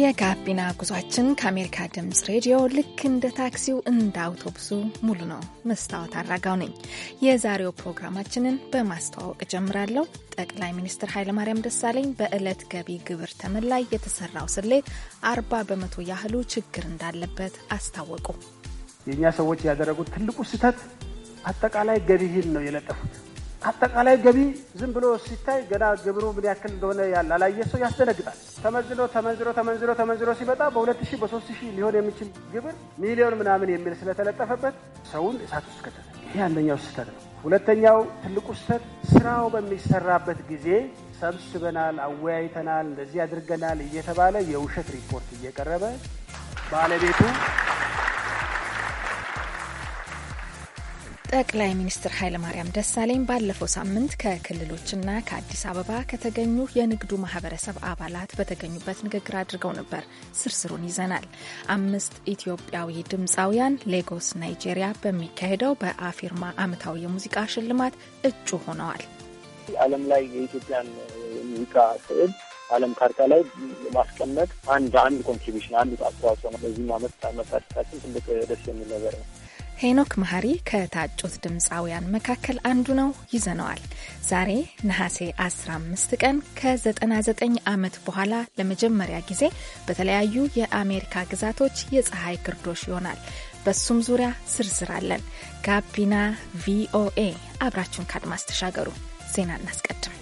የጋቢና ጉዟችን ከአሜሪካ ድምፅ ሬዲዮ ልክ እንደ ታክሲው እንደ አውቶቡሱ ሙሉ ነው። መስታወት አራጋው ነኝ። የዛሬው ፕሮግራማችንን በማስተዋወቅ ጀምራለሁ። ጠቅላይ ሚኒስትር ኃይለማርያም ደሳለኝ በዕለት ገቢ ግብር ተመን ላይ የተሰራው ስሌት አርባ በመቶ ያህሉ ችግር እንዳለበት አስታወቁ። የእኛ ሰዎች ያደረጉት ትልቁ ስህተት አጠቃላይ ገቢህን ነው የለጠፉት አጠቃላይ ገቢ ዝም ብሎ ሲታይ ገና ግብሩ ምን ያክል እንደሆነ ያላየ ሰው ያስደነግጣል። ተመዝኖ ተመንዝሮ ተመንዝሮ ተመንዝሮ ሲመጣ በሁለት በ3ሺ ሊሆን የሚችል ግብር ሚሊዮን ምናምን የሚል ስለተለጠፈበት ሰውን እሳት ውስጥ ከተተ። ይህ አንደኛው ስህተት ነው። ሁለተኛው ትልቁ ስህተት ስራው በሚሰራበት ጊዜ ሰብስበናል፣ አወያይተናል፣ እንደዚህ አድርገናል እየተባለ የውሸት ሪፖርት እየቀረበ ባለቤቱ ጠቅላይ ሚኒስትር ኃይለማርያም ደሳለኝ ባለፈው ሳምንት ከክልሎችና ከአዲስ አበባ ከተገኙ የንግዱ ማህበረሰብ አባላት በተገኙበት ንግግር አድርገው ነበር። ስርስሩን ይዘናል። አምስት ኢትዮጵያዊ ድምፃውያን ሌጎስ ናይጄሪያ በሚካሄደው በአፊርማ ዓመታዊ የሙዚቃ ሽልማት እጩ ሆነዋል። ዓለም ላይ የኢትዮጵያን ሙዚቃ ስዕል ዓለም ካርታ ላይ ማስቀመጥ አንድ አንድ ኮንትሪቢሽን አንድ አስተዋጽኦ ነው። በዚህም ዓመት መሳተፋችን ትልቅ ደስ የሚል ነገር ነው። ሄኖክ መሐሪ ከታጩት ድምፃውያን መካከል አንዱ ነው። ይዘነዋል። ዛሬ ነሐሴ 15 ቀን ከ99 ዓመት በኋላ ለመጀመሪያ ጊዜ በተለያዩ የአሜሪካ ግዛቶች የፀሐይ ግርዶሽ ይሆናል። በሱም ዙሪያ ዝርዝር አለን። ጋቢና ቪኦኤ አብራችሁን ካድማስ ተሻገሩ። ዜና እናስቀድም።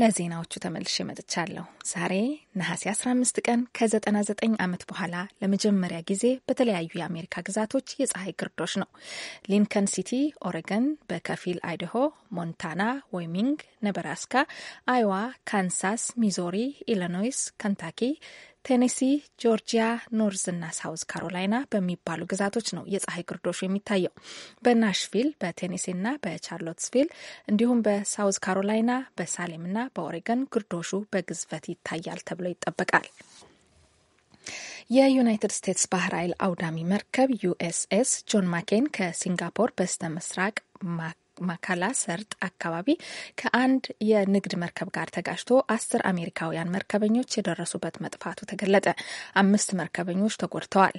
ለዜናዎቹ ተመልሼ መጥቻለሁ። ዛሬ ነሐሴ 15 ቀን ከ99 ዓመት በኋላ ለመጀመሪያ ጊዜ በተለያዩ የአሜሪካ ግዛቶች የፀሐይ ግርዶች ነው። ሊንከን ሲቲ ኦሬገን፣ በከፊል አይድሆ፣ ሞንታና፣ ወይሚንግ ነበራስካ፣ አይዋ፣ ካንሳስ፣ ሚዞሪ፣ ኢለኖይስ ከንታኪ ቴኔሲ፣ ጆርጂያ፣ ኖርዝና ሳውዝ ካሮላይና በሚባሉ ግዛቶች ነው የፀሐይ ግርዶሹ የሚታየው። በናሽቪል፣ በቴኔሲና በቻርሎትስቪል እንዲሁም በሳውዝ ካሮላይና፣ በሳሌምና በኦሬገን ግርዶሹ በግዝፈት ይታያል ተብሎ ይጠበቃል። የዩናይትድ ስቴትስ ባህር ኃይል አውዳሚ መርከብ ዩኤስኤስ ጆን ማኬን ከሲንጋፖር በስተ ምስራቅ ማካላ ሰርጥ አካባቢ ከአንድ የንግድ መርከብ ጋር ተጋጭቶ አስር አሜሪካውያን መርከበኞች የደረሱበት መጥፋቱ ተገለጠ። አምስት መርከበኞች ተጎድተዋል።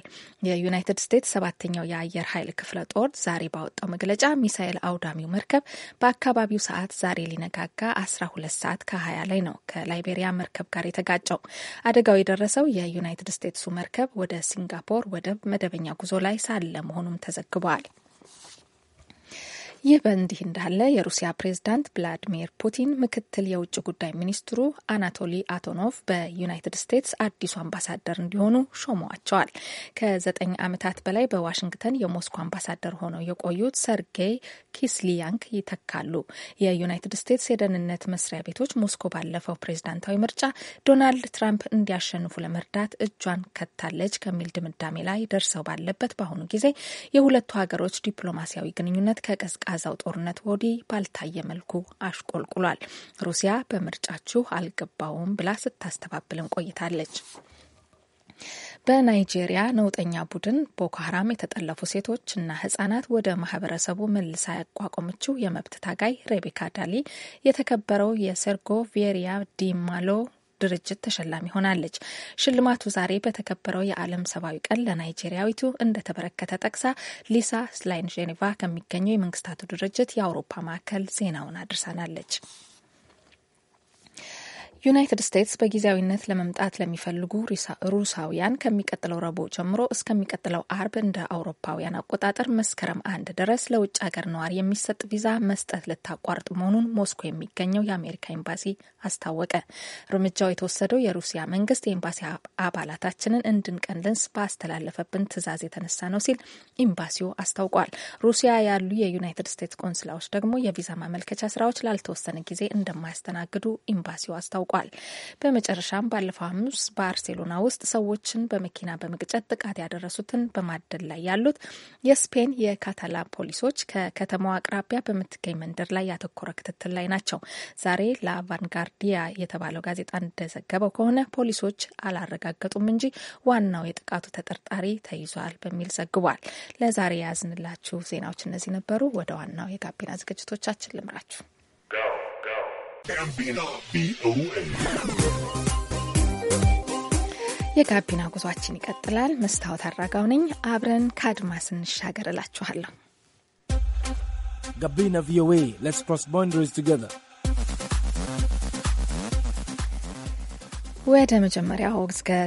የዩናይትድ ስቴትስ ሰባተኛው የአየር ኃይል ክፍለ ጦር ዛሬ ባወጣው መግለጫ ሚሳኤል አውዳሚው መርከብ በአካባቢው ሰዓት ዛሬ ሊነጋጋ 12 ሰዓት ከ20 ላይ ነው ከላይቤሪያ መርከብ ጋር የተጋጨው። አደጋው የደረሰው የዩናይትድ ስቴትሱ መርከብ ወደ ሲንጋፖር ወደብ መደበኛ ጉዞ ላይ ሳለ መሆኑም ተዘግቧል። ይህ በእንዲህ እንዳለ የሩሲያ ፕሬዝዳንት ቭላዲሚር ፑቲን ምክትል የውጭ ጉዳይ ሚኒስትሩ አናቶሊ አቶኖቭ በዩናይትድ ስቴትስ አዲሱ አምባሳደር እንዲሆኑ ሾመዋቸዋል። ከዘጠኝ ዓመታት በላይ በዋሽንግተን የሞስኮ አምባሳደር ሆነው የቆዩት ሰርጌይ ኪስሊያንክ ይተካሉ። የዩናይትድ ስቴትስ የደህንነት መስሪያ ቤቶች ሞስኮ ባለፈው ፕሬዝዳንታዊ ምርጫ ዶናልድ ትራምፕ እንዲያሸንፉ ለመርዳት እጇን ከታለች ከሚል ድምዳሜ ላይ ደርሰው ባለበት በአሁኑ ጊዜ የሁለቱ ሀገሮች ዲፕሎማሲያዊ ግንኙነት ከቀዝቀ ከቀዝቃዛው ጦርነት ወዲህ ባልታየ መልኩ አሽቆልቁሏል። ሩሲያ በምርጫችሁ አልገባውም ብላ ስታስተባብልን ቆይታለች። በናይጄሪያ ነውጠኛ ቡድን ቦኮ ሀራም የተጠለፉ እና ህጻናት ወደ ማህበረሰቡ መልሳ ያቋቋመችው የመብት ታጋይ ሬቤካ ዳሊ የተከበረው የሰርጎ ቬሪያ ዲማሎ ድርጅት ተሸላሚ ሆናለች። ሽልማቱ ዛሬ በተከበረው የዓለም ሰብአዊ ቀን ለናይጄሪያዊቱ እንደተበረከተ ጠቅሳ ሊሳ ስላይን ጄኔቫ ከሚገኘው የመንግስታቱ ድርጅት የአውሮፓ ማዕከል ዜናውን አድርሳናለች። ዩናይትድ ስቴትስ በጊዜያዊነት ለመምጣት ለሚፈልጉ ሩሳውያን ከሚቀጥለው ረቡዕ ጀምሮ እስከሚቀጥለው አርብ እንደ አውሮፓውያን አቆጣጠር መስከረም አንድ ድረስ ለውጭ ሀገር ነዋሪ የሚሰጥ ቪዛ መስጠት ልታቋርጥ መሆኑን ሞስኮ የሚገኘው የአሜሪካ ኤምባሲ አስታወቀ። እርምጃው የተወሰደው የሩሲያ መንግስት የኤምባሲ አባላታችንን እንድንቀንልንስ ባስተላለፈብን ትዕዛዝ የተነሳ ነው ሲል ኤምባሲው አስታውቋል። ሩሲያ ያሉ የዩናይትድ ስቴትስ ቆንስላዎች ደግሞ የቪዛ ማመልከቻ ስራዎች ላልተወሰነ ጊዜ እንደማያስተናግዱ ኤምባሲው አስታውቋል። አስታውቋል። በመጨረሻም ባለፈው ሐሙስ ባርሴሎና ውስጥ ሰዎችን በመኪና በመግጨት ጥቃት ያደረሱትን በማደል ላይ ያሉት የስፔን የካታላ ፖሊሶች ከከተማዋ አቅራቢያ በምትገኝ መንደር ላይ ያተኮረ ክትትል ላይ ናቸው። ዛሬ ለአቫንጋርዲያ የተባለው ጋዜጣ እንደዘገበው ከሆነ ፖሊሶች አላረጋገጡም እንጂ ዋናው የጥቃቱ ተጠርጣሪ ተይዟል በሚል ዘግቧል። ለዛሬ ያዝንላችሁ ዜናዎች እነዚህ ነበሩ። ወደ ዋናው የጋቢና ዝግጅቶቻችን ልምራችሁ። ጋቢና ቪኦኤ የጋቢና ጉዟችን ይቀጥላል። መስታወት አድራጋው ነኝ። አብረን ከአድማስ እንሻገር እላችኋለሁ። ጋቢና ቪኦኤ ሌትስ ክሮስ ባውንደሪስ ቱጌዘር ወደ መጀመሪያው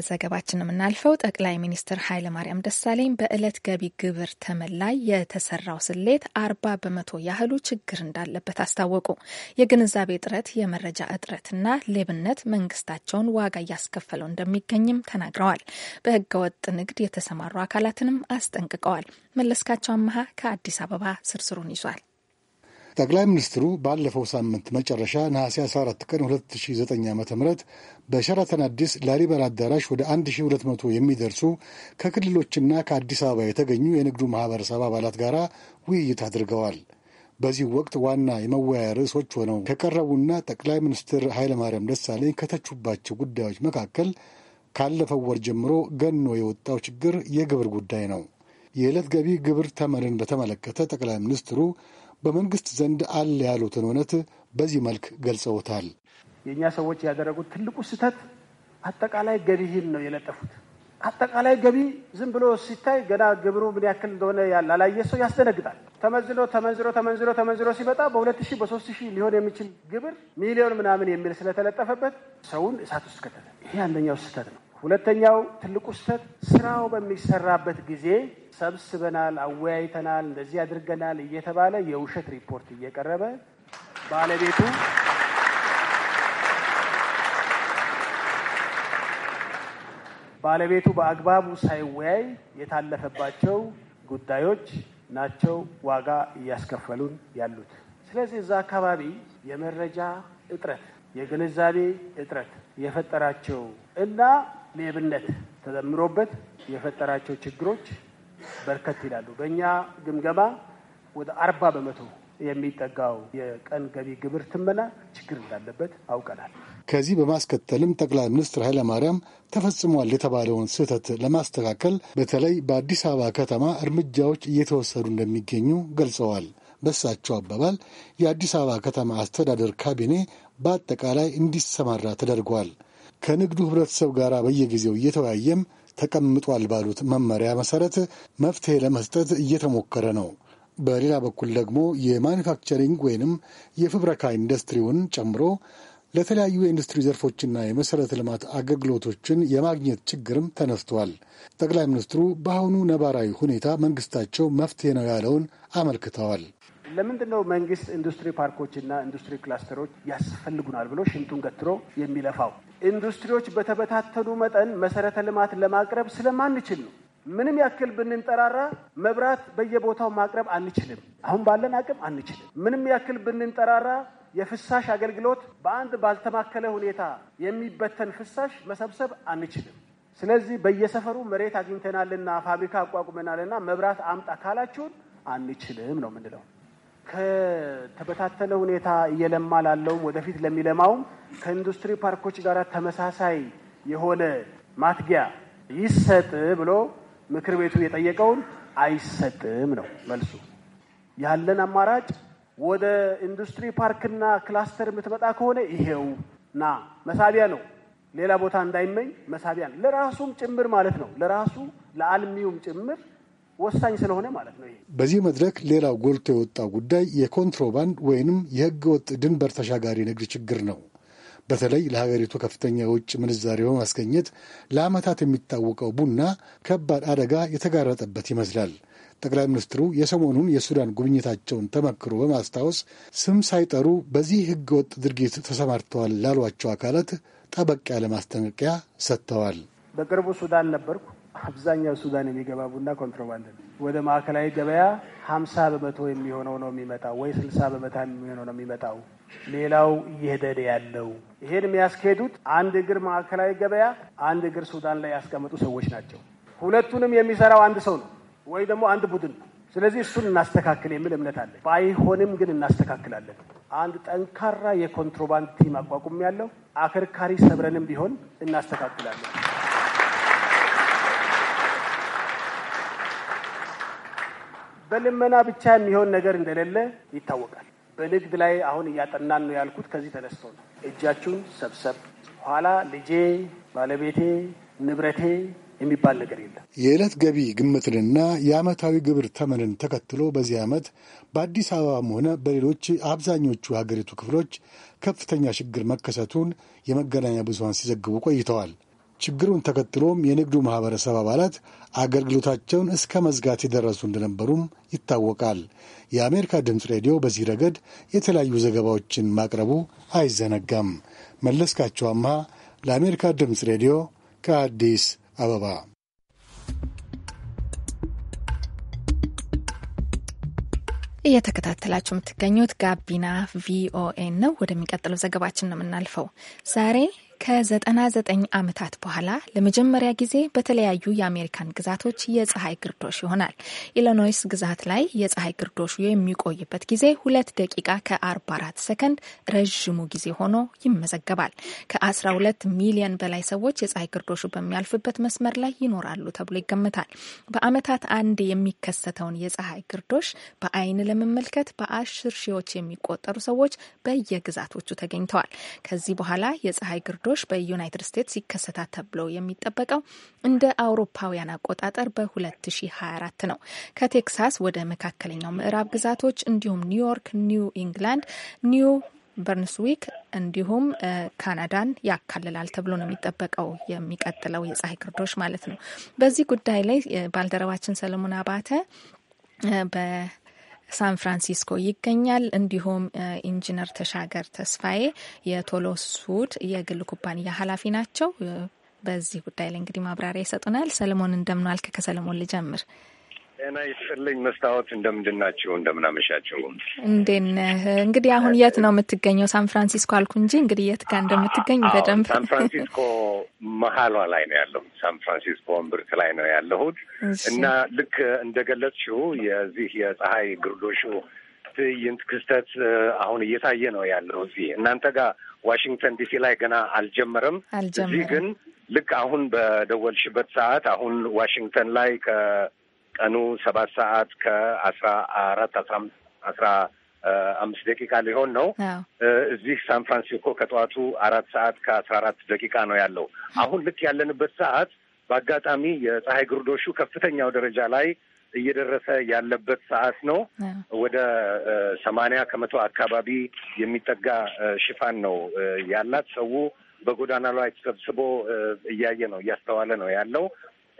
ዘገባችን የምናልፈው ጠቅላይ ሚኒስትር ኃይለማርያም ደሳለኝ በዕለት ገቢ ግብር ተመን ላይ የተሰራው ስሌት አርባ በመቶ ያህሉ ችግር እንዳለበት አስታወቁ። የግንዛቤ እጥረት፣ የመረጃ እጥረትና ሌብነት መንግስታቸውን ዋጋ እያስከፈለው እንደሚገኝም ተናግረዋል። በህገወጥ ንግድ የተሰማሩ አካላትንም አስጠንቅቀዋል። መለስካቸው አመሀ ከአዲስ አበባ ዝርዝሩን ይዟል። ጠቅላይ ሚኒስትሩ ባለፈው ሳምንት መጨረሻ ነሐሴ 14 ቀን 2009 ዓ ም በሸራተን አዲስ ላሊበላ አዳራሽ ወደ 1200 የሚደርሱ ከክልሎችና ከአዲስ አበባ የተገኙ የንግዱ ማህበረሰብ አባላት ጋር ውይይት አድርገዋል። በዚህ ወቅት ዋና የመወያያ ርዕሶች ሆነው ከቀረቡና ጠቅላይ ሚኒስትር ኃይለማርያም ደሳለኝ ከተቹባቸው ጉዳዮች መካከል ካለፈው ወር ጀምሮ ገኖ የወጣው ችግር የግብር ጉዳይ ነው። የዕለት ገቢ ግብር ተመንን በተመለከተ ጠቅላይ ሚኒስትሩ በመንግስት ዘንድ አለ ያሉትን እውነት በዚህ መልክ ገልጸውታል። የእኛ ሰዎች ያደረጉት ትልቁ ስህተት አጠቃላይ ገቢህን ነው የለጠፉት። አጠቃላይ ገቢ ዝም ብሎ ሲታይ ገና ግብሩ ምን ያክል እንደሆነ ያላየ ሰው ያስደነግጣል። ተመዝኖ ተመንዝሮ ተመንዝሮ ተመንዝሮ ሲመጣ በሁለት ሺህ በሶስት ሺህ ሊሆን የሚችል ግብር ሚሊዮን ምናምን የሚል ስለተለጠፈበት ሰውን እሳት ውስጥ ከተተ። ይሄ አንደኛው ስህተት ነው። ሁለተኛው ትልቁ ስህተት ስራው በሚሰራበት ጊዜ ሰብስበናል፣ አወያይተናል፣ እንደዚህ አድርገናል እየተባለ የውሸት ሪፖርት እየቀረበ ባለቤቱ ባለቤቱ በአግባቡ ሳይወያይ የታለፈባቸው ጉዳዮች ናቸው ዋጋ እያስከፈሉን ያሉት። ስለዚህ እዛ አካባቢ የመረጃ እጥረት፣ የግንዛቤ እጥረት የፈጠራቸው እና ሌብነት ተደምሮበት የፈጠራቸው ችግሮች በርከት ይላሉ። በእኛ ግምገማ ወደ አርባ በመቶ የሚጠጋው የቀን ገቢ ግብር ትመና ችግር እንዳለበት አውቀናል። ከዚህ በማስከተልም ጠቅላይ ሚኒስትር ማርያም ተፈጽሟል የተባለውን ስህተት ለማስተካከል በተለይ በአዲስ አበባ ከተማ እርምጃዎች እየተወሰዱ እንደሚገኙ ገልጸዋል። በሳቸው አባባል የአዲስ አበባ ከተማ አስተዳደር ካቢኔ በአጠቃላይ እንዲሰማራ ተደርጓል። ከንግዱ ህብረተሰብ ጋር በየጊዜው እየተወያየም ተቀምጧል ባሉት መመሪያ መሰረት መፍትሄ ለመስጠት እየተሞከረ ነው። በሌላ በኩል ደግሞ የማኒፋክቸሪንግ ወይንም የፍብረካ ኢንዱስትሪውን ጨምሮ ለተለያዩ የኢንዱስትሪ ዘርፎችና የመሠረተ ልማት አገልግሎቶችን የማግኘት ችግርም ተነስቷል። ጠቅላይ ሚኒስትሩ በአሁኑ ነባራዊ ሁኔታ መንግስታቸው መፍትሄ ነው ያለውን አመልክተዋል። ለምንድን ነው መንግስት ኢንዱስትሪ ፓርኮችና ኢንዱስትሪ ክላስተሮች ያስፈልጉናል ብሎ ሽንቱን ገትሮ የሚለፋው? ኢንዱስትሪዎች በተበታተኑ መጠን መሰረተ ልማት ለማቅረብ ስለማንችል ነው። ምንም ያክል ብንንጠራራ መብራት በየቦታው ማቅረብ አንችልም። አሁን ባለን አቅም አንችልም። ምንም ያክል ብንንጠራራ የፍሳሽ አገልግሎት በአንድ ባልተማከለ ሁኔታ የሚበተን ፍሳሽ መሰብሰብ አንችልም። ስለዚህ በየሰፈሩ መሬት አግኝተናልና ፋብሪካ አቋቁመናልና መብራት አምጣ ካላችሁን አንችልም ነው የምንለው። ከተበታተነ ሁኔታ እየለማ ላለውም ወደፊት ለሚለማውም ከኢንዱስትሪ ፓርኮች ጋር ተመሳሳይ የሆነ ማትጊያ ይሰጥ ብሎ ምክር ቤቱ የጠየቀውን አይሰጥም ነው መልሱ። ያለን አማራጭ ወደ ኢንዱስትሪ ፓርክና ክላስተር የምትመጣ ከሆነ ይሄው ና መሳቢያ ነው። ሌላ ቦታ እንዳይመኝ መሳቢያ ነው። ለራሱም ጭምር ማለት ነው። ለራሱ ለአልሚውም ጭምር ወሳኝ ስለሆነ ማለት ነው። ይሄ በዚህ መድረክ ሌላው ጎልቶ የወጣው ጉዳይ የኮንትሮባንድ ወይንም የህገ ወጥ ድንበር ተሻጋሪ ንግድ ችግር ነው። በተለይ ለሀገሪቱ ከፍተኛ የውጭ ምንዛሬ በማስገኘት ለዓመታት የሚታወቀው ቡና ከባድ አደጋ የተጋረጠበት ይመስላል። ጠቅላይ ሚኒስትሩ የሰሞኑን የሱዳን ጉብኝታቸውን ተመክሮ በማስታወስ ስም ሳይጠሩ በዚህ ወጥ ድርጊት ተሰማርተዋል ላሏቸው አካላት ጠበቅ ያለ ማስጠንቀቂያ ሰጥተዋል። በቅርቡ ሱዳን ነበርኩ። አብዛኛው ሱዳን የሚገባ ቡና ኮንትሮባንድ ነው። ወደ ማዕከላዊ ገበያ ሀምሳ በመቶ የሚሆነው ነው የሚመጣው ወይ ስልሳ በመቶ የሚሆነው ነው የሚመጣው። ሌላው እየሄደ ያለው ይሄን የሚያስኬዱት አንድ እግር ማዕከላዊ ገበያ፣ አንድ እግር ሱዳን ላይ ያስቀመጡ ሰዎች ናቸው። ሁለቱንም የሚሰራው አንድ ሰው ነው ወይ ደግሞ አንድ ቡድን። ነው። ስለዚህ እሱን እናስተካክል የሚል እምነት አለ። ባይሆንም ግን እናስተካክላለን። አንድ ጠንካራ የኮንትሮባንድ ቲም አቋቁም ያለው አከርካሪ ሰብረንም ቢሆን እናስተካክላለን። በልመና ብቻ የሚሆን ነገር እንደሌለ ይታወቃል። በንግድ ላይ አሁን እያጠናን ነው ያልኩት ከዚህ ተነስቶ ነው። እጃችሁን ሰብሰብ ኋላ ልጄ፣ ባለቤቴ፣ ንብረቴ የሚባል ነገር የለም። የዕለት ገቢ ግምትንና የዓመታዊ ግብር ተመንን ተከትሎ በዚህ ዓመት በአዲስ አበባም ሆነ በሌሎች አብዛኞቹ የሀገሪቱ ክፍሎች ከፍተኛ ችግር መከሰቱን የመገናኛ ብዙሀን ሲዘግቡ ቆይተዋል። ችግሩን ተከትሎም የንግዱ ማህበረሰብ አባላት አገልግሎታቸውን እስከ መዝጋት የደረሱ እንደነበሩም ይታወቃል። የአሜሪካ ድምፅ ሬዲዮ በዚህ ረገድ የተለያዩ ዘገባዎችን ማቅረቡ አይዘነጋም። መለስካቸው አምሃ ለአሜሪካ ድምፅ ሬዲዮ ከአዲስ አበባ። እየተከታተላችሁ የምትገኙት ጋቢና ቪኦኤ ነው። ወደሚቀጥለው ዘገባችን ነው የምናልፈው ዛሬ ከ99 ዓመታት በኋላ ለመጀመሪያ ጊዜ በተለያዩ የአሜሪካን ግዛቶች የፀሐይ ግርዶሽ ይሆናል። ኢሎኖይስ ግዛት ላይ የፀሐይ ግርዶሹ የሚቆይበት ጊዜ ሁለት ደቂቃ ከ44 ሰከንድ ረዥሙ ጊዜ ሆኖ ይመዘገባል። ከ12 ሚሊዮን በላይ ሰዎች የፀሐይ ግርዶሹ በሚያልፍበት መስመር ላይ ይኖራሉ ተብሎ ይገመታል። በዓመታት አንድ የሚከሰተውን የፀሐይ ግርዶሽ በአይን ለመመልከት በአስር ሺዎች የሚቆጠሩ ሰዎች በየግዛቶቹ ተገኝተዋል። ከዚህ በኋላ የፀሐይ ግርዶ ልምምዶች በዩናይትድ ስቴትስ ይከሰታል ተብሎ የሚጠበቀው እንደ አውሮፓውያን አቆጣጠር በ2024 ነው። ከቴክሳስ ወደ መካከለኛው ምዕራብ ግዛቶች እንዲሁም ኒውዮርክ፣ ኒው ኢንግላንድ፣ ኒው በርንስዊክ እንዲሁም ካናዳን ያካልላል ተብሎ ነው የሚጠበቀው የሚቀጥለው የፀሐይ ግርዶች ማለት ነው። በዚህ ጉዳይ ላይ ባልደረባችን ሰለሞን አባተ ሳን ፍራንሲስኮ ይገኛል። እንዲሁም ኢንጂነር ተሻገር ተስፋዬ የቶሎስ ሱድ የግል ኩባንያ ኃላፊ ናቸው። በዚህ ጉዳይ ላይ እንግዲህ ማብራሪያ ይሰጡናል። ሰለሞን እንደምን ከሰለሞን ልጀምር። ጤና ይስጥልኝ። መስታወት እንደምንድናችሁ? እንደምናመሻችሁ። እንዴት ነህ? እንግዲህ አሁን የት ነው የምትገኘው? ሳን ፍራንሲስኮ አልኩ እንጂ እንግዲህ የት ጋር እንደምትገኝ በደንብ ሳን ፍራንሲስኮ መሀሏ ላይ ነው ያለሁ። ሳን ፍራንሲስኮ እምብርት ላይ ነው ያለሁት እና ልክ እንደገለጽሽው የዚህ የፀሐይ ግርዶሹ ትዕይንት ክስተት አሁን እየታየ ነው ያለው እዚህ እናንተ ጋር ዋሽንግተን ዲሲ ላይ ገና አልጀመረም። እዚህ ግን ልክ አሁን በደወልሽበት ሰዓት አሁን ዋሽንግተን ላይ ከ- ቀኑ ሰባት ሰዓት ከአስራ አራት አስራ አስራ አምስት ደቂቃ ሊሆን ነው። እዚህ ሳን ፍራንሲስኮ ከጠዋቱ አራት ሰዓት ከአስራ አራት ደቂቃ ነው ያለው። አሁን ልክ ያለንበት ሰዓት በአጋጣሚ የፀሐይ ግርዶሹ ከፍተኛው ደረጃ ላይ እየደረሰ ያለበት ሰዓት ነው። ወደ ሰማንያ ከመቶ አካባቢ የሚጠጋ ሽፋን ነው ያላት። ሰው በጎዳና ላይ ተሰብስቦ እያየ ነው እያስተዋለ ነው ያለው።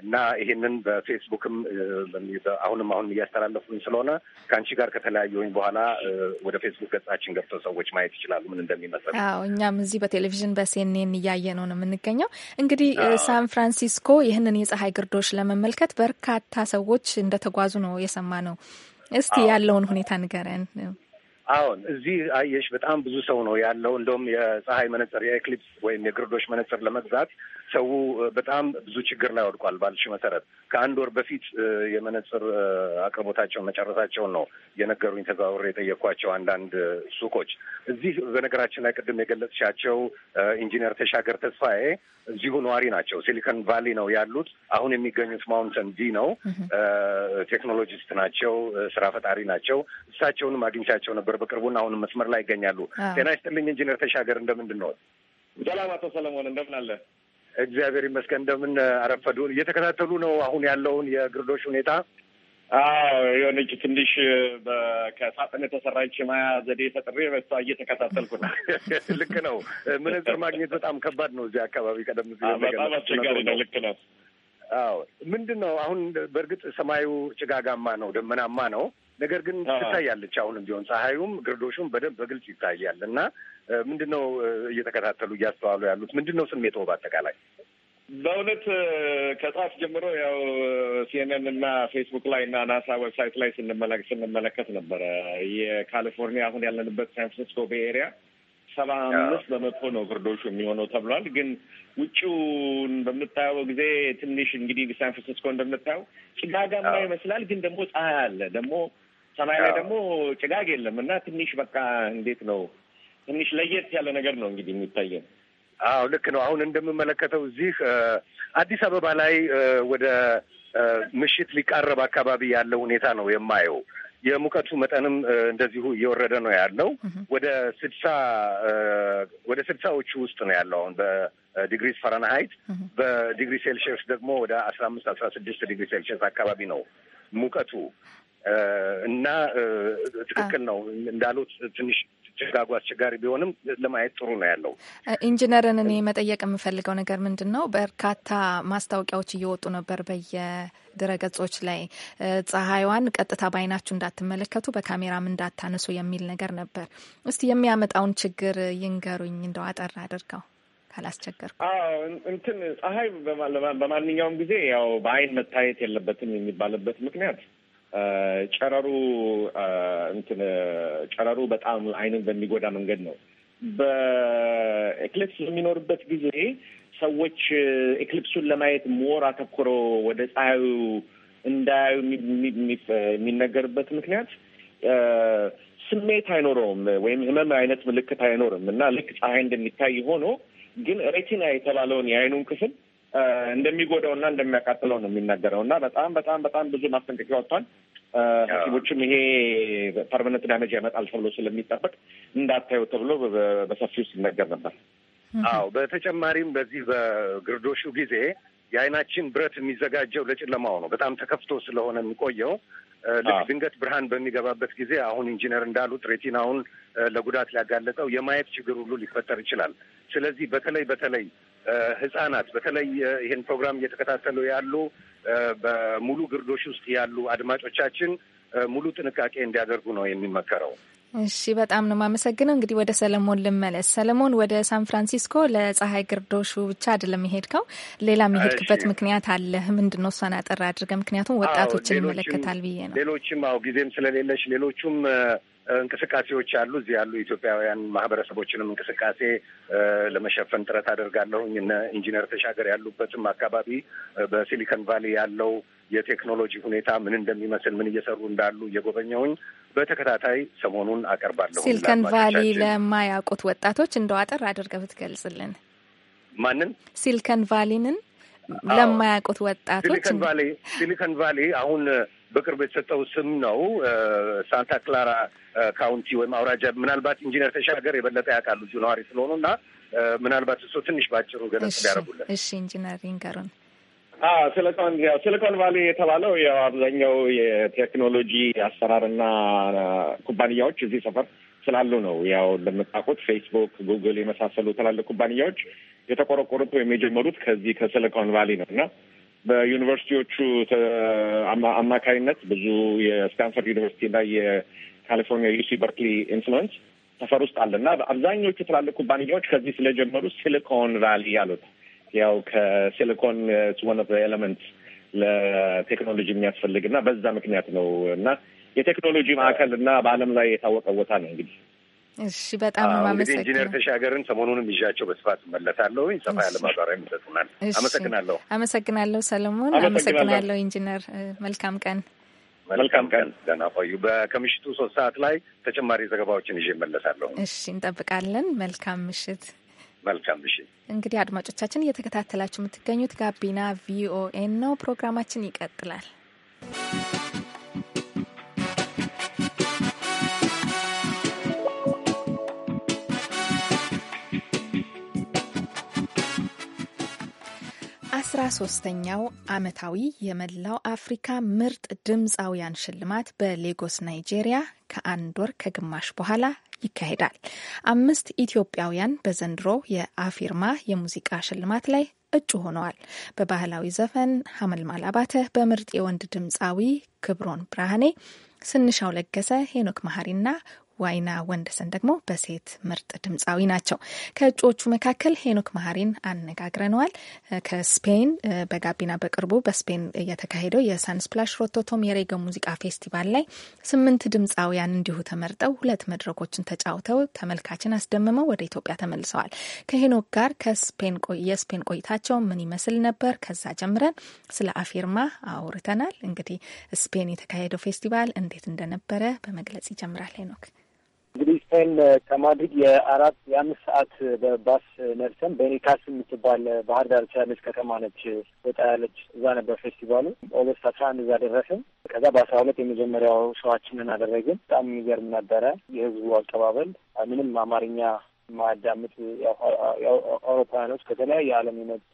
እና ይሄንን በፌስቡክም አሁንም አሁን እያስተላለፉኝ ስለሆነ ከአንቺ ጋር ከተለያየሁኝ በኋላ ወደ ፌስቡክ ገጻችን ገብተው ሰዎች ማየት ይችላሉ ምን እንደሚመስል። አዎ እኛም እዚህ በቴሌቪዥን በሴኔን እያየ ነው ነው የምንገኘው። እንግዲህ ሳን ፍራንሲስኮ ይህንን የፀሐይ ግርዶች ለመመልከት በርካታ ሰዎች እንደተጓዙ ነው የሰማ ነው። እስቲ ያለውን ሁኔታ ንገረን። አሁን እዚህ አየሽ፣ በጣም ብዙ ሰው ነው ያለው። እንደውም የፀሐይ መነጽር የኤክሊፕስ ወይም የግርዶች መነጽር ለመግዛት ሰው በጣም ብዙ ችግር ላይ ወድቋል። ባልሽ መሰረት ከአንድ ወር በፊት የመነጽር አቅርቦታቸውን መጨረሳቸውን ነው የነገሩኝ። ተዘዋውሬ የጠየኳቸው አንዳንድ ሱቆች እዚህ በነገራችን ላይ ቅድም የገለጽሻቸው ኢንጂነር ተሻገር ተስፋዬ እዚሁ ነዋሪ ናቸው። ሲሊኮን ቫሊ ነው ያሉት። አሁን የሚገኙት ማውንተን ዲ ነው። ቴክኖሎጂስት ናቸው፣ ስራ ፈጣሪ ናቸው። እሳቸውንም አግኝቻቸው ነበር በቅርቡና አሁንም መስመር ላይ ይገኛሉ። ጤና ይስጥልኝ ኢንጂነር ተሻገር እንደምንድን ነው? ሰላም አቶ ሰለሞን እንደምን አለ? እግዚአብሔር ይመስገን። እንደምን አረፈዱ? እየተከታተሉ ነው አሁን ያለውን የግርዶሽ ሁኔታ? አዎ የሆነች ትንሽ ከሳጥን የተሰራች ማያ ዘዴ ተጥሬ በሷ እየተከታተልኩ ነው። ልክ ነው። ምንዝር ማግኘት በጣም ከባድ ነው እዚህ አካባቢ። ቀደም በጣም አስቸጋሪ ነው። ልክ ነው። አዎ ምንድን ነው አሁን በእርግጥ ሰማዩ ጭጋጋማ ነው፣ ደመናማ ነው። ነገር ግን ትታያለች አሁንም ቢሆን ፀሐዩም ግርዶሹም በደንብ በግልጽ ይታያል እና ምንድን ነው እየተከታተሉ እያስተዋሉ ያሉት? ምንድን ነው ስሜቶ በአጠቃላይ? በእውነት ከጠዋት ጀምሮ ያው ሲኤንኤን እና ፌስቡክ ላይ እና ናሳ ዌብሳይት ላይ ስንመለከት ነበረ። የካሊፎርኒያ አሁን ያለንበት ሳን ቤይ ኤሪያ ሰባ አምስት በመቶ ነው ብርዶሹ የሚሆነው ተብሏል። ግን ውጭውን በምታየው ጊዜ ትንሽ እንግዲህ ሳን እንደምታየው ጭጋጋማ ይመስላል። ግን ደግሞ ፀሐይ አለ ደግሞ ሰማይ ላይ ደግሞ ጭጋግ የለም እና ትንሽ በቃ እንዴት ነው ትንሽ ለየት ያለ ነገር ነው እንግዲህ የሚታየው። አዎ ልክ ነው። አሁን እንደምመለከተው እዚህ አዲስ አበባ ላይ ወደ ምሽት ሊቃረብ አካባቢ ያለው ሁኔታ ነው የማየው። የሙቀቱ መጠንም እንደዚሁ እየወረደ ነው ያለው። ወደ ስድሳ ወደ ስድሳዎቹ ውስጥ ነው ያለው አሁን በዲግሪ ፈረንሃይት፣ በዲግሪ ሴልሽየስ ደግሞ ወደ አስራ አምስት አስራ ስድስት ዲግሪ ሴልሽየስ አካባቢ ነው ሙቀቱ እና ትክክል ነው እንዳሉት ትንሽ ጭጋጉ አስቸጋሪ ቢሆንም ለማየት ጥሩ ነው ያለው። ኢንጂነርን እኔ መጠየቅ የምፈልገው ነገር ምንድን ነው፣ በርካታ ማስታወቂያዎች እየወጡ ነበር በየድረ ገጾች ላይ ፀሐይዋን ቀጥታ በአይናችሁ እንዳትመለከቱ በካሜራም እንዳታነሱ የሚል ነገር ነበር። እስቲ የሚያመጣውን ችግር ይንገሩኝ እንደው አጠር አድርገው ካላስቸገርኩ እንትን ፀሐይ በማንኛውም ጊዜ ያው በአይን መታየት የለበትም የሚባልበት ምክንያት ጨረሩ እንትን ጨረሩ በጣም አይንን በሚጎዳ መንገድ ነው። በኤክሊፕስ በሚኖርበት ጊዜ ሰዎች ኤክሊፕሱን ለማየት ሞር አተኩረው ወደ ፀሐዩ እንዳያዩ የሚነገርበት ምክንያት ስሜት አይኖረውም ወይም ህመም አይነት ምልክት አይኖርም እና ልክ ፀሐይ እንደሚታይ ሆኖ ግን ሬቲና የተባለውን የአይኑን ክፍል እንደሚጎዳውና እንደሚያቃጥለው ነው የሚናገረው እና በጣም በጣም በጣም ብዙ ማስጠንቀቂያ ወጥቷል። ሐኪሞችም ይሄ ፐርመነንት ዳመጅ ያመጣል ተብሎ ስለሚጠበቅ እንዳታየው ተብሎ በሰፊው ሲነገር ነበር። አዎ፣ በተጨማሪም በዚህ በግርዶሹ ጊዜ የአይናችን ብረት የሚዘጋጀው ለጨለማው ነው። በጣም ተከፍቶ ስለሆነ የሚቆየው ልክ ድንገት ብርሃን በሚገባበት ጊዜ አሁን ኢንጂነር እንዳሉት ሬቲናውን ለጉዳት ሊያጋለጠው የማየት ችግር ሁሉ ሊፈጠር ይችላል። ስለዚህ በተለይ በተለይ ህጻናት በተለይ ይህን ፕሮግራም እየተከታተሉ ያሉ በሙሉ ግርዶሽ ውስጥ ያሉ አድማጮቻችን ሙሉ ጥንቃቄ እንዲያደርጉ ነው የሚመከረው። እሺ፣ በጣም ነው የማመሰግነው። እንግዲህ ወደ ሰለሞን ልመለስ። ሰለሞን፣ ወደ ሳን ፍራንሲስኮ ለፀሐይ ግርዶሹ ብቻ አይደለም የሄድከው፣ ሌላ የሄድክበት ምክንያት አለ። ምንድን ነው? እሷን አጠር አድርገ ምክንያቱም ወጣቶችን ይመለከታል ብዬ ነው። ሌሎችም አዎ፣ ጊዜም ስለሌለሽ ሌሎቹም እንቅስቃሴዎች አሉ። እዚህ ያሉ ኢትዮጵያውያን ማህበረሰቦችንም እንቅስቃሴ ለመሸፈን ጥረት አደርጋለሁኝ። እነ ኢንጂነር ተሻገር ያሉበትም አካባቢ በሲሊከን ቫሊ ያለው የቴክኖሎጂ ሁኔታ ምን እንደሚመስል ምን እየሰሩ እንዳሉ እየጎበኘውኝ በተከታታይ ሰሞኑን አቀርባለሁ። ሲሊከን ቫሊ ለማያውቁት ወጣቶች እንደው አጠር አድርገህ ብትገልጽልን። ማንን? ሲሊከን ቫሊንን ለማያውቁት ወጣቶች ሲሊከን ቫሊ አሁን በቅርብ የተሰጠው ስም ነው። ሳንታ ክላራ ካውንቲ ወይም አውራጃ ምናልባት ኢንጂነር ተሻገር የበለጠ ያውቃሉ እዚሁ ነዋሪ ስለሆኑ እና ምናልባት እሱ ትንሽ ባጭሩ ገለጽ ያደረጉለን። እሺ ኢንጂነር ይንገሩን። ሲሊኮን ሲሊኮን ቫሊ የተባለው ያው አብዛኛው የቴክኖሎጂ አሰራርና ኩባንያዎች እዚህ ሰፈር ስላሉ ነው። ያው እንደምታውቁት ፌስቡክ፣ ጉግል የመሳሰሉ ትላልቅ ኩባንያዎች የተቆረቆሩት ወይም የጀመሩት ከዚህ ከሲሊኮን ቫሊ ነው እና በዩኒቨርሲቲዎቹ አማካይነት ብዙ የስታንፈርድ ዩኒቨርሲቲ እና የካሊፎርኒያ ዩሲ በርክሊ ኢንፍሉዌንስ ሰፈር ውስጥ አለ እና አብዛኞቹ ትላልቅ ኩባንያዎች ከዚህ ስለጀመሩ ሲሊኮን ቫሊ ያሉት ያው ከሲሊኮን ኦፍ ኤለመንት ለቴክኖሎጂ የሚያስፈልግ እና በዛ ምክንያት ነው እና የቴክኖሎጂ ማዕከል እና በዓለም ላይ የታወቀ ቦታ ነው እንግዲህ እሺ፣ በጣም እንግዲህ ኢንጂነር ተሻገርን ሰሞኑንም ይዣቸው በስፋት እመለሳለሁ። ሰፋ ያለ ማብራሪያ ይሰጡናል። አመሰግናለሁ። አመሰግናለሁ ሰለሞን። አመሰግናለሁ ኢንጂነር። መልካም ቀን። መልካም ቀን። ደህና ቆዩ። ከምሽቱ ሶስት ሰዓት ላይ ተጨማሪ ዘገባዎችን ይዤ መለሳለሁ። እሺ፣ እንጠብቃለን። መልካም ምሽት። መልካም ምሽት። እንግዲህ አድማጮቻችን እየተከታተላችሁ የምትገኙት ጋቢና ቪኦኤን ነው። ፕሮግራማችን ይቀጥላል። Thank you. አስራ ሶስተኛው ዓመታዊ የመላው አፍሪካ ምርጥ ድምፃውያን ሽልማት በሌጎስ ናይጄሪያ ከአንድ ወር ከግማሽ በኋላ ይካሄዳል። አምስት ኢትዮጵያውያን በዘንድሮ የአፊርማ የሙዚቃ ሽልማት ላይ እጩ ሆነዋል። በባህላዊ ዘፈን ሀመልማል አባተ፣ በምርጥ የወንድ ድምፃዊ ክብሮን ብርሃኔ፣ ስንሻው ለገሰ፣ ሄኖክ መሀሪና ዋይና ወንደሰን ደግሞ በሴት ምርጥ ድምፃዊ ናቸው። ከእጩዎቹ መካከል ሄኖክ መሀሪን አነጋግረነዋል። ከስፔን በጋቢና በቅርቡ በስፔን የተካሄደው የሳንስፕላሽ ሮቶቶም የሬገ ሙዚቃ ፌስቲቫል ላይ ስምንት ድምፃውያን እንዲሁ ተመርጠው ሁለት መድረኮችን ተጫውተው ተመልካችን አስደምመው ወደ ኢትዮጵያ ተመልሰዋል። ከሄኖክ ጋር ከስፔን የስፔን ቆይታቸው ምን ይመስል ነበር? ከዛ ጀምረን ስለ አፊርማ አውርተናል። እንግዲህ ስፔን የተካሄደው ፌስቲቫል እንዴት እንደነበረ በመግለጽ ይጀምራል ሄኖክ። እንግዲህ ስፔን ከማድሪድ የአራት የአምስት ሰዓት በባስ ነርሰን በኒካስ የምትባል ባህር ዳርቻ ያለች ከተማ ነች፣ ወጣ ያለች እዛ ነበር ፌስቲቫሉ። ኦገስት አስራ አንድ እዛ ደረስን። ከዛ በአስራ ሁለት የመጀመሪያው ሰዋችንን አደረግን። በጣም የሚገርም ነበረ የህዝቡ አቀባበል። ምንም አማርኛ ማያዳምጥ አውሮፓውያኖች ከተለያየ ዓለም የመጡ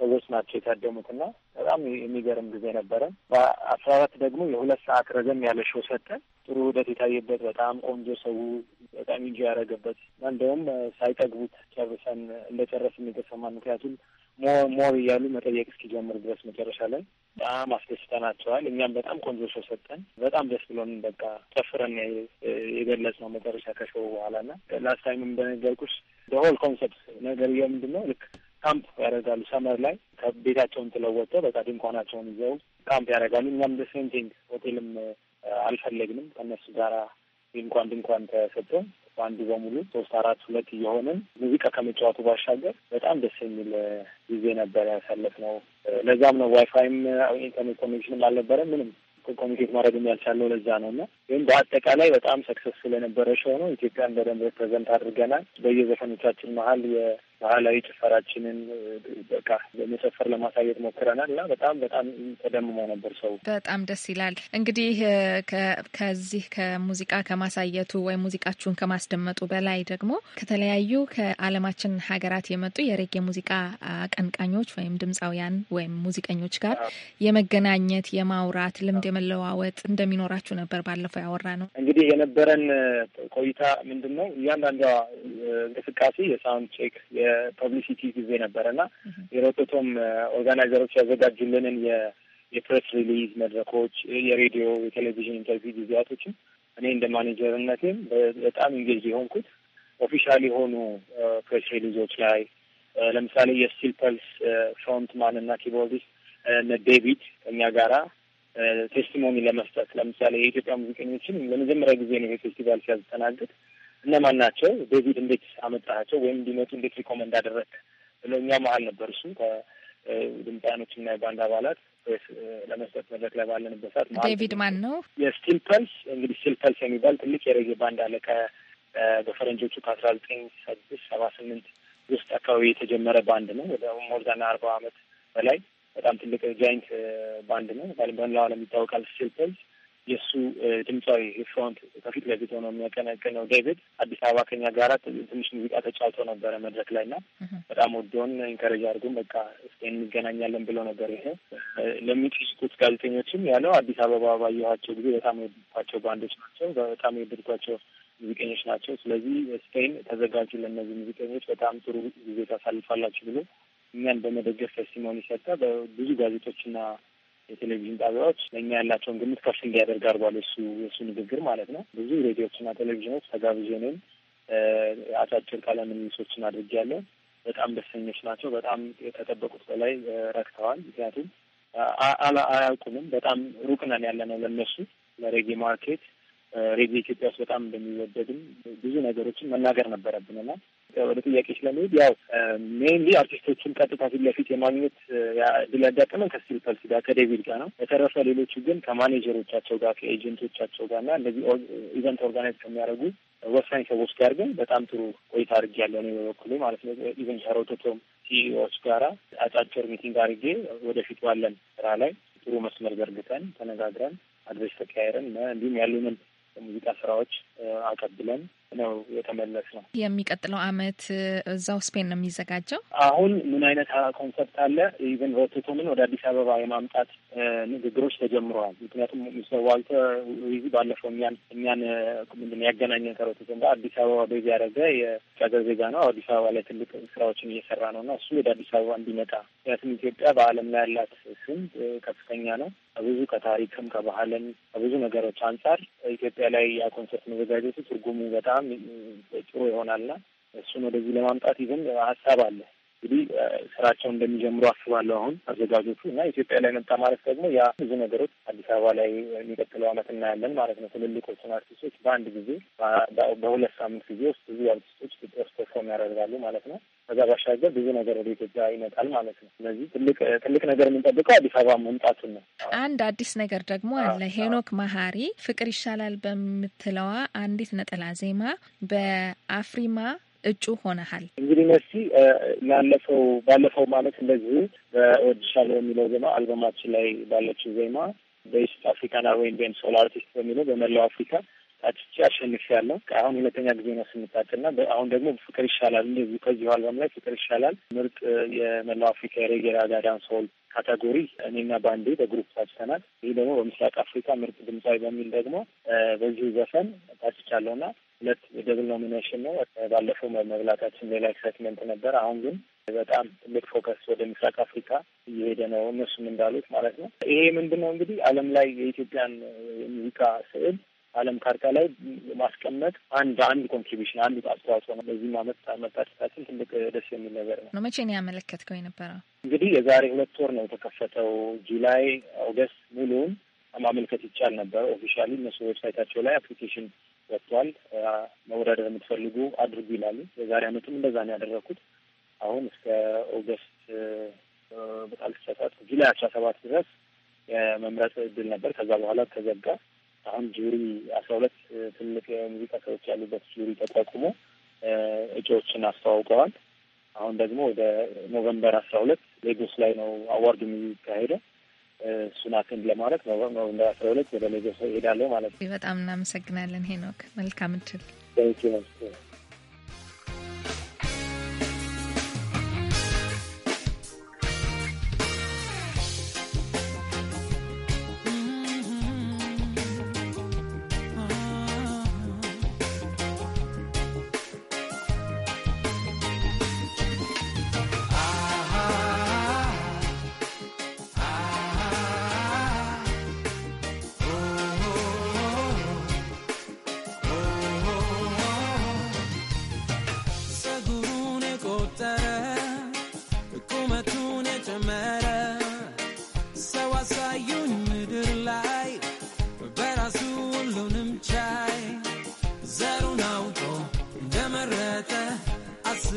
ሰዎች ናቸው የታደሙት እና በጣም የሚገርም ጊዜ ነበረን። በአስራ አራት ደግሞ የሁለት ሰዓት ረዘም ያለ ሾው ሰጠን። ጥሩ ውደት የታየበት በጣም ቆንጆ ሰው በጣም እንጂ ያደረገበት እንደውም ሳይጠግቡት ጨርሰን እንደጨረስ የተሰማን ምክንያቱም ሞር እያሉ መጠየቅ እስኪጀምር ድረስ መጨረሻ ላይ በጣም አስደስተናቸዋል። እኛም በጣም ቆንጆ ሾው ሰጠን። በጣም ደስ ብሎን በቃ ጨፍረን የገለጽ ነው መጨረሻ ከሾው በኋላ ና ላስት ታይምም እንደነገርኩሽ ሆል ኮንሰፕት ነገር የምንድን ነው ልክ ካምፕ ያደርጋሉ። ሰመር ላይ ከቤታቸውን ትለወጠ በቃ ድንኳናቸውን ይዘው ካምፕ ያደርጋሉ። እኛም ደሴንቲንግ ሆቴልም አልፈለግንም ከእነሱ ጋራ ድንኳን ድንኳን ተሰጠን። በአንዱ በሙሉ ሶስት አራት ሁለት እየሆንን ሙዚቃ ከመጫወቱ ባሻገር በጣም ደስ የሚል ጊዜ ነበር ያሳለፍነው። ለዛም ነው ዋይፋይም ኢንተርኔት ኮኔክሽንም አልነበረም ምንም ኮሚኒኬት ማድረግ ያልቻለው ለዛ ነው። እና ግን በአጠቃላይ በጣም ሰክሰስ ስለነበረ ሾው ነው። ኢትዮጵያን በደንብ ፕሬዘንት አድርገናል። በየዘፈኖቻችን መሀል ባህላዊ ጭፈራችንን በቃ በመጨፈር ለማሳየት ሞክረናል እና በጣም በጣም ተደምሞ ነበር ሰው። በጣም ደስ ይላል። እንግዲህ ከዚህ ከሙዚቃ ከማሳየቱ ወይም ሙዚቃችሁን ከማስደመጡ በላይ ደግሞ ከተለያዩ ከዓለማችን ሀገራት የመጡ የሬጌ ሙዚቃ አቀንቃኞች ወይም ድምፃውያን ወይም ሙዚቀኞች ጋር የመገናኘት የማውራት ልምድ የመለዋወጥ እንደሚኖራችሁ ነበር ባለፈው ያወራ ነው። እንግዲህ የነበረን ቆይታ ምንድን ነው እያንዳንዷ እንቅስቃሴ የሳውንድ ቼክ የፐብሊሲቲ ጊዜ ነበረ እና የሮቶቶም ኦርጋናይዘሮች ያዘጋጁልንን የፕሬስ ሪሊዝ መድረኮች፣ የሬዲዮ የቴሌቪዥን ኢንተርቪው ጊዜያቶችም እኔ እንደ ማኔጀርነቴም በጣም ኢንጌጅ የሆንኩት ኦፊሻል የሆኑ ፕሬስ ሪሊዞች ላይ ለምሳሌ የስቲል ፐልስ ፍሮንት ማን እና ኪቦርዲስት እነ ዴቪድ ከኛ ጋራ ቴስቲሞኒ ለመስጠት ለምሳሌ የኢትዮጵያ ሙዚቀኞችን ለመጀመሪያ ጊዜ ነው ይሄ ፌስቲቫል ሲያስተናግድ እነማን ናቸው? ዴቪድ እንዴት አመጣቸው? ወይም እንዲመጡ እንዴት ሪኮመንድ አደረግ ብለው እኛ መሀል ነበር። እሱም ከድምፃኖች እና የባንድ አባላት ለመስጠት መድረክ ላይ ባለንበት ሰዓት ዴቪድ ማን ነው? የስቲል ፐልስ እንግዲህ ስቲል ፐልስ የሚባል ትልቅ የሬጌ ባንድ አለ በፈረንጆቹ ከአስራ ዘጠኝ ስድስት ሰባ ስምንት ውስጥ አካባቢ የተጀመረ ባንድ ነው። ወደ ሞርዛና አርባ አመት በላይ በጣም ትልቅ ጃይንት ባንድ ነው። በመላው ዓለም ይታወቃል ስቲል ፐልስ የእሱ ድምፃዊ ፍሮንት ከፊት ለፊት ሆኖ የሚያቀነቅነው ዴቪድ አዲስ አበባ ከኛ ጋራ ትንሽ ሙዚቃ ተጫውቶ ነበረ መድረክ ላይ እና በጣም ወዶን ኢንከሬጅ አድርጎን በቃ እንገናኛለን ብሎ ነበር። ይሄ ለሚጠይቁት ጋዜጠኞችም ያለው አዲስ አበባ ባየኋቸው ጊዜ በጣም የወደድኳቸው ባንዶች ናቸው፣ በጣም የወደድኳቸው ሙዚቀኞች ናቸው። ስለዚህ ስፔን ተዘጋጁ፣ ለእነዚህ ሙዚቀኞች በጣም ጥሩ ጊዜ ታሳልፋላችሁ ብሎ እኛን በመደገፍ ቴስቲሞኒ ሰጠ። ብዙ ጋዜጦችና የቴሌቪዥን ጣቢያዎች ለእኛ ያላቸውን ግምት ከፍ እንዲያደርግ አድርጓል። እሱ የሱ ንግግር ማለት ነው። ብዙ ሬዲዮዎችና ቴሌቪዥኖች ተጋብዤ እኔም አጫጭር ቃለ ምልልሶችን አድርጌያለሁ። በጣም ደስተኞች ናቸው። በጣም የተጠበቁት በላይ ረክተዋል። ምክንያቱም አያውቁንም። በጣም ሩቅ ነን ያለ ነው ለነሱ ለሬጌ ማርኬት ሬጌ ኢትዮጵያ ውስጥ በጣም እንደሚወደድም ብዙ ነገሮችን መናገር ነበረብንና ወደ ጥያቄ ስለሚሄድ ያው ሜንሊ አርቲስቶችን ቀጥታ ፊት ለፊት የማግኘት ድል ያጋጠመን ከስቲል ፐልስ ጋር ከዴቪድ ጋር ነው። በተረፈ ሌሎቹ ግን ከማኔጀሮቻቸው ጋር ከኤጀንቶቻቸው ጋር እና እነዚህ ኢቨንት ኦርጋናይዝ ከሚያደርጉ ወሳኝ ሰዎች ጋር ግን በጣም ጥሩ ቆይታ አድርጌ ያለው ነው በበኩሉ ማለት ነው። ኢቨን ሸሮቶቶም ሲኢኦዎች ጋራ አጫጭር ሚቲንግ አድርጌ ወደፊት ባለን ስራ ላይ ጥሩ መስመር ዘርግተን ተነጋግረን አድሬስ ተቀያየረን እንዲሁም ያሉንን የሙዚቃ ስራዎች አቀብለን ነው የተመለስ ነው። የሚቀጥለው አመት እዛው ስፔን ነው የሚዘጋጀው። አሁን ምን አይነት ኮንሰፕት አለ? ኢቨን ሮቴቶ ምን ወደ አዲስ አበባ የማምጣት ንግግሮች ተጀምረዋል። ምክንያቱም ሚስተር ዋልተር ዊዚ ባለፈው እኛን እኛን ምንድን ያገናኘን ከሮቴቶም ጋር አዲስ አበባ ቤዝ ያደረገ የውጭ ሀገር ዜጋ ነው። አዲስ አበባ ላይ ትልቅ ስራዎችን እየሰራ ነው እና እሱ ወደ አዲስ አበባ እንዲመጣ ምክንያቱም ኢትዮጵያ በዓለም ላይ ያላት ስም ከፍተኛ ነው። ከብዙ ከታሪክም ከባህልም ከብዙ ነገሮች አንጻር ኢትዮጵያ ላይ ያ ኮንሰርት መዘጋጀቱ ትርጉሙ በጣም በጣም ጥሩ ይሆናልና እሱን ወደዚህ ለማምጣት ይዘን ሀሳብ አለ። እንግዲህ ስራቸውን እንደሚጀምሩ አስባለሁ። አሁን አዘጋጆቹ እና ኢትዮጵያ ላይ መጣ ማለት ደግሞ ያ ብዙ ነገሮች አዲስ አበባ ላይ የሚቀጥለው አመት እናያለን ማለት ነው። ትልልቆቹን አርቲስቶች በአንድ ጊዜ በሁለት ሳምንት ጊዜ ውስጥ ብዙ አርቲስቶች ኢትዮጵያ ውስጥ ፐርፎርም ያደርጋሉ ማለት ነው። ከዛ ባሻገር ብዙ ነገር ወደ ኢትዮጵያ ይመጣል ማለት ነው። ስለዚህ ትልቅ ትልቅ ነገር የምንጠብቀው አዲስ አበባ መምጣቱን ነው። አንድ አዲስ ነገር ደግሞ አለ። ሄኖክ መሀሪ ፍቅር ይሻላል በምትለዋ አንዲት ነጠላ ዜማ በአፍሪማ እጩ ሆነሃል። እንግዲህ መሲ ያለፈው ባለፈው ማለት እንደዚህ በወድሻለሁ የሚለው ዜማ አልበማችን ላይ ባለችው ዜማ በኢስት አፍሪካን አርዌን ቤን ሶል አርቲስት በሚለው በመላው አፍሪካ ታጭቼ ያለው አሁን ሁለተኛ ጊዜ ነው ስንታጭና አሁን ደግሞ ፍቅር ይሻላል እንደዚሁ ከዚሁ አልበም ላይ ፍቅር ይሻላል ምርጥ የመላው አፍሪካ የሬጌ ራጋ ዳንስሆል ካቴጎሪ እኔና ባንዴ በግሩፕ ታጭተናል። ይህ ደግሞ በምስራቅ አፍሪካ ምርጥ ድምፃዊ በሚል ደግሞ በዚሁ ዘፈን ታጭቻለሁና ሁለት ደብል ኖሚኔሽን ነው። ባለፈው መብላታችን ሌላ ኤክሳይትመንት ነበር። አሁን ግን በጣም ትልቅ ፎከስ ወደ ምስራቅ አፍሪካ እየሄደ ነው፣ እነሱም እንዳሉት ማለት ነው። ይሄ ምንድን ነው እንግዲህ ዓለም ላይ የኢትዮጵያን ሙዚቃ ስዕል ዓለም ካርታ ላይ ማስቀመጥ አንድ አንድ ኮንትሪቢሽን አንዱ አስተዋጽኦ ነው። በዚህም ዓመት ትልቅ ደስ የሚል ነገር ነው። መቼ ነው ያመለከትከው የነበረው? እንግዲህ የዛሬ ሁለት ወር ነው የተከፈተው። ጁላይ ኦገስት ሙሉውን ማመልከት ይቻል ነበር። ኦፊሻሊ እነሱ ዌብሳይታቸው ላይ አፕሊኬሽን ወጥቷል፣ መውረድ የምትፈልጉ አድርጉ ይላሉ። የዛሬ አመቱም እንደዛ ነው ያደረግኩት። አሁን እስከ ኦገስት በጣም ተሳሳት ጁላይ አስራ ሰባት ድረስ የመምረጥ እድል ነበር። ከዛ በኋላ ተዘጋ። አሁን ጁሪ አስራ ሁለት ትልቅ የሙዚቃ ሰዎች ያሉበት ጁሪ ተጠቁሞ እጩዎችን አስተዋውቀዋል። አሁን ደግሞ ወደ ኖቨምበር አስራ ሁለት ሌጎስ ላይ ነው አዋርድ የሚካሄደው። እሱን አክንድ ለማድረግ ኖቨምበር አስራ ሁለት ወደ ሌጎስ ይሄዳለሁ ማለት ነው። በጣም እናመሰግናለን ሄኖክ። መልካም እድል።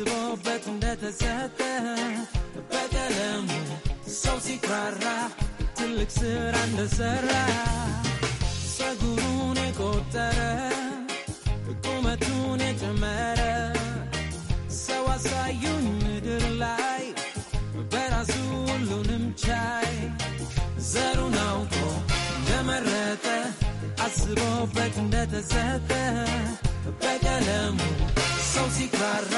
ታስቦበት እንደተሰጠ በቀለሙ ሰው ሲኩራራ ትልቅ ስራ እንደሰራ ፀጉሩን የቆጠረ ቁመቱን የጨመረ ሰው አሳዩን ምድር ላይ በራሱ ሁሉንም ቻይ ዘሩን አውቆ እንደመረጠ አስቦበት እንደተሰጠ በቀለሙ ሰው ሲኩራራ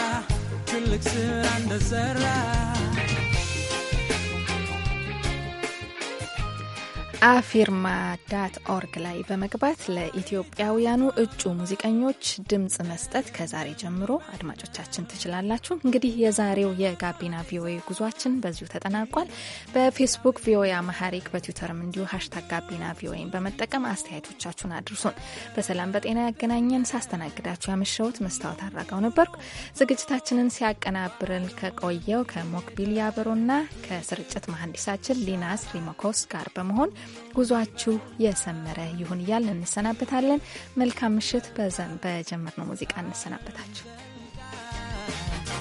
ትልቅ ስራ እንደሰራ አፊርማ ዳት ኦርግ ላይ በመግባት ለኢትዮጵያውያኑ እጩ ሙዚቀኞች ድምፅ መስጠት ከዛሬ ጀምሮ አድማጮቻችን ትችላላችሁ። እንግዲህ የዛሬው የጋቢና ቪኦኤ ጉዟችን በዚሁ ተጠናቋል። በፌስቡክ ቪኦኤ አማሐሪክ በትዊተርም እንዲሁ ሀሽታግ ጋቢና ቪኦኤን በመጠቀም አስተያየቶቻችሁን አድርሱን። በሰላም በጤና ያገናኘን። ሳስተናግዳችሁ ያመሸሁት መስታወት አራጋው ነበርኩ። ዝግጅታችንን ሲያቀናብርን ከቆየው ከሞክቢል ያበሮና ከስርጭት መሐንዲሳችን ሊናስ ሪሞኮስ ጋር በመሆን ጉዟችሁ የሰመረ ይሁን እያልን እንሰናበታለን። መልካም ምሽት። በጀመርነው ሙዚቃ እንሰናበታችሁ።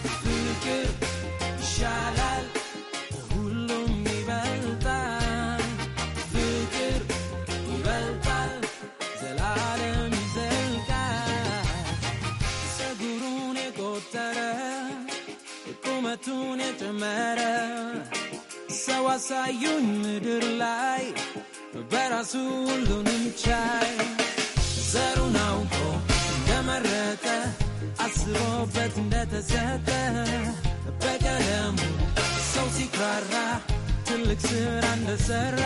ፍቅር ይሻላል፣ ሁሉም ይበልጣል፣ ይበልጣል፣ የጨመረ ሰው አሳዩኝ ምድር ላይ በራሱ ሁሉንም ቻይ ዘሩን አውቆ እንደመረጠ አስቦበት እንደተሰጠ በቀለሙ ሰው ሲኩራራ ትልቅ ስራ እንደሰራ